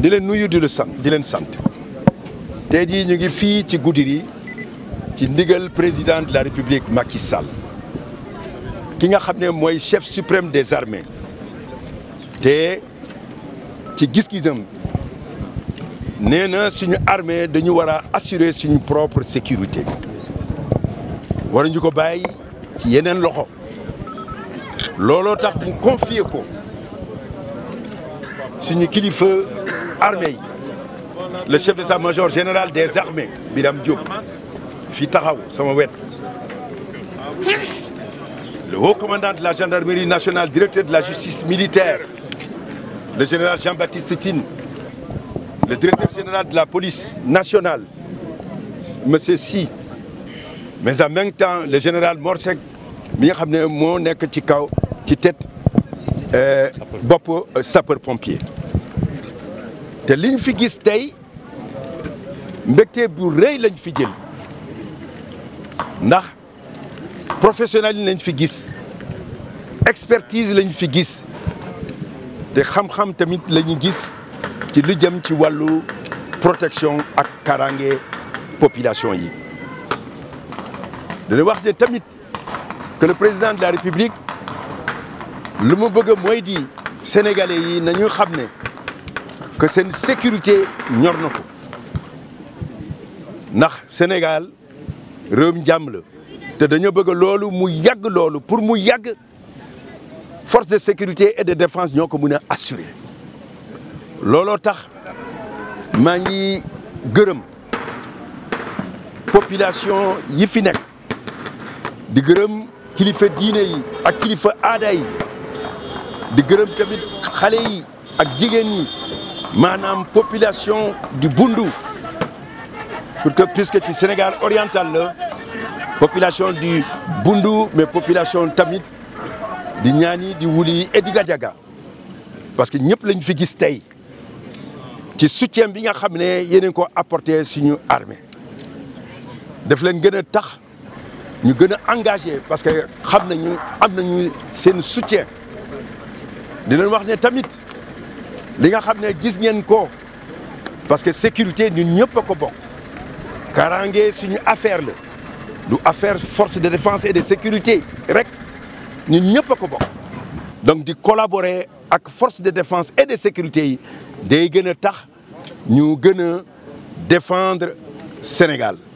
di leen nuyu di lu di leen sant tey jii ñu ngi fii ci Goudiri ci ndigal président de la République Macky Sall ki nga xam ne mooy chef suprême des armées te ci gis-gisam nee na suñu armee dañu war a assurer suñu propre sécurité waruñu ko bàyyi ci yeneen loxo looloo tax mu confier ko suñu kilifa. armée le chef d'état-major général des armées Birame Diop fi taxaw sama wet le haut commandant de la gendarmerie nationale directeur de la justice militaire le général Jean-Baptiste Tine le directeur général de la police nationale monsieur Sy mais en même temps le général morsec Seck mi nga xam ne moo nekk ci kaw ci tête euh, bopp euh, sapeur pompier te liñ fi gis tey mbégte bu rëy lañ fi jël ndax professionnel lañ fi gis expertise lañ fi gis te xam-xam tamit la ñu gis ci lu jëm ci wàllu protection ak karange population yi dana wax ne tamit que le président de la république lu mu bëgg mooy di sénégalais yi nañu xam ne que seen sécurité ñor na ko ndax Sénégal réewum jàmm la te dañoo bëgg loolu mu yàgg loolu pour mu yàgg force de sécurité et de défense ñoo ko mën a assurer looloo tax maa ngi gërëm population yi fi nekk di gërëm kilifa diine yi ak kilifa aada yi di gërëm tamit xale yi ak jigéen yi maanaam population di Bundu pour que puisque ci Sénégal oriental la population di Bundu mais population tamit di Niani di Wuli e di Gadiaga parce que ñëpp lañ fi gis tey ci soutien bi nga xam ne yéen ko apporté suñu armée daf leen gën a tax ñu gën a engagé parce que xam nañu am nañu seen soutien di leen wax ne tamit. li nga xam ne gis ngeen ko parce que sécurité ñun ñëpp ko bokk karange suñu affaire la du affaire force de défense et de sécurité rek ñun ñëpp ko bokk donc di collaborer ak force de défense et de sécurité yi day gën a tax ñu gën a défendre Sénégal